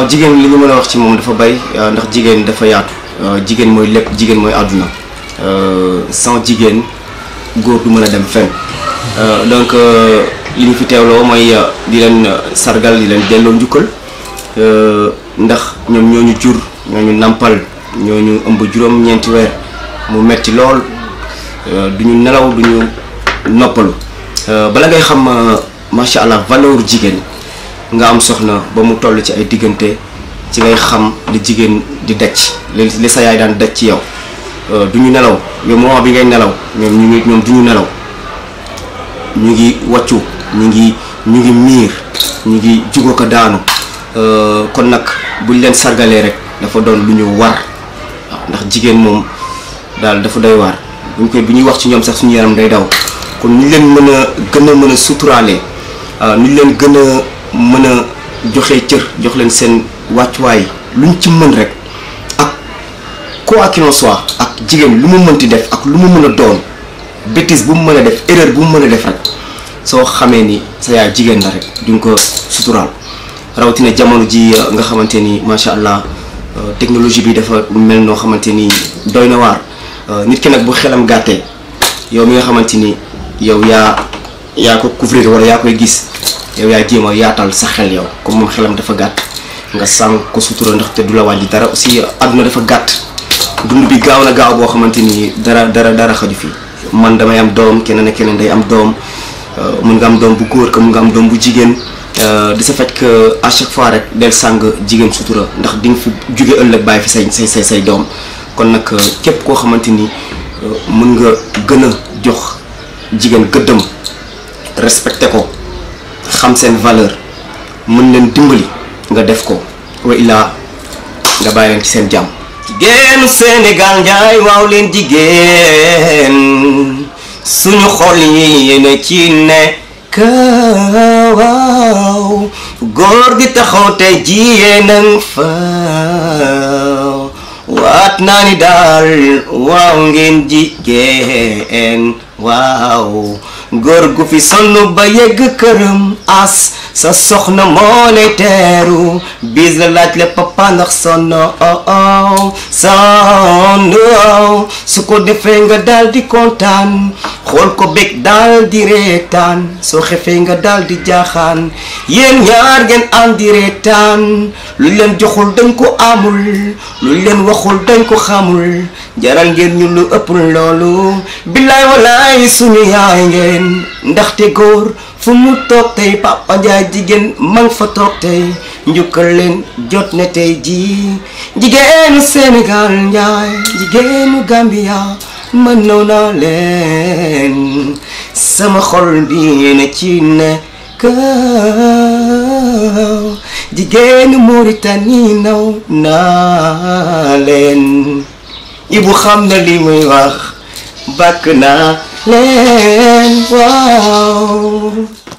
waaw jigéen li ñu mën a wax ci moom dafa bay euh, ndax jigéen dafa yaatu euh, jigéen mooy lépp jigéen mooy àdduna euh, sans jigéen góor du mën a dem fenn donc li ñu fi teewloo mooy di leen sargal di leen delloo njukkal ndax ñoom ñoo ñu jur ñoo ñu nàmpal ñoo ñu ëmb juróom-ñeenti weer mu metti lool du ñu nelaw du ñu noppalu bala ngay xam macha allah valeur jigéen. nga am soxna ba mu toll ci ay diggante ci ngay xam di jigéen di daj li sa yaay daan daj ci yow euh, du ñu nelaw yow moment bi ngay nelaw ñoom ñu ngi ñoom du ñu nelaw ñu ngi wàccu ñu ngi ñu ngi miir ñu ngi jugo ko daanu euh, kon nag buñ leen sargalee rek dafa doon lu ñu war waaw ndax jigéen moom daal dafa doy waar buñ koy bu ñuy wax ci ñoom sax suñu yaram day daw kon ñu leen mën a gën a mën a suturaale euh, ñu leen gën a mën a joxe cër jox leen seen wàccuwaay luñ ci mën rek ak quoi qu'il soit ak jigéen lu mu mënti def ak lu mu mën a doon bêtise bu mu mën a def erreur bu mu mën a def rek soo xamee ni sa yaay jigéen la rek duñ ko suturaal rawatina jamono ji euh, nga xamante ni macha allah euh, technologie bi dafa mel noo xamante nii doy na waar euh, nit ki nag bu xelam gàttee yow mi nga xamante ni yow yaa yaa ko couvrir wala yaa koy gis. yow yaa jéem a yaatal sa xel yow comme xelam dafa gàtt nga sànq ko sutura ndax te du la wàññi dara aussi àdduna dafa gàtt dund bi gaaw na gaaw boo xamante ni dara dara dara xaju fi man damay am doom keneen ak keneen day am doom euh, mun nga am doom bu góor ka mun nga am doom bu jigéen euh, di sa faj que à chaque fois rek del sàng jigéen sutura ndax di nga fi jóge ëllëg bàyyi fi say say say say doom kon nag euh, képp koo xamante ni mun nga gën jox jigéen gëddam respecté ko xam seen valeur mën leen dimbali nga def ko wa illaa nga bàyyi leen ci seen jàmm. jigéenu Sénégal njaay waaw leen jigéen suñu xol yi yéen ci nekk waaw góor di taxaw te jiyee nañ fa waat naa ni daal waaw ngeen jigéen waaw. góor gu fi sonn ba yegg këram as sa soxna moo lay teeru bis la laaj la papa ndax sonn oh, oh, sonn oh. su ko defee nga daal di kontaan xool ko bég daal di reetaan soo xefee nga daldi di jaaxaan yéen ñaar ngeen am di reetaan luñ leen joxul dañ ko amul luñ leen waxul dañ ko xamul jaral ngeen ñu lu ëpp loolu billaay walaay suñu yaay ngeen ndaxte góor fu mu toog tey papa jigéen ma fa toog tey njukkal leen jot na tey ji jigéenu Sénégal njaay jigéenu Gambia mënoon naa leen sama xol bi na ci nekk jigéenu Mauritanie naw naa leen Ibou xam na li muy wax bàkk naa leen waaw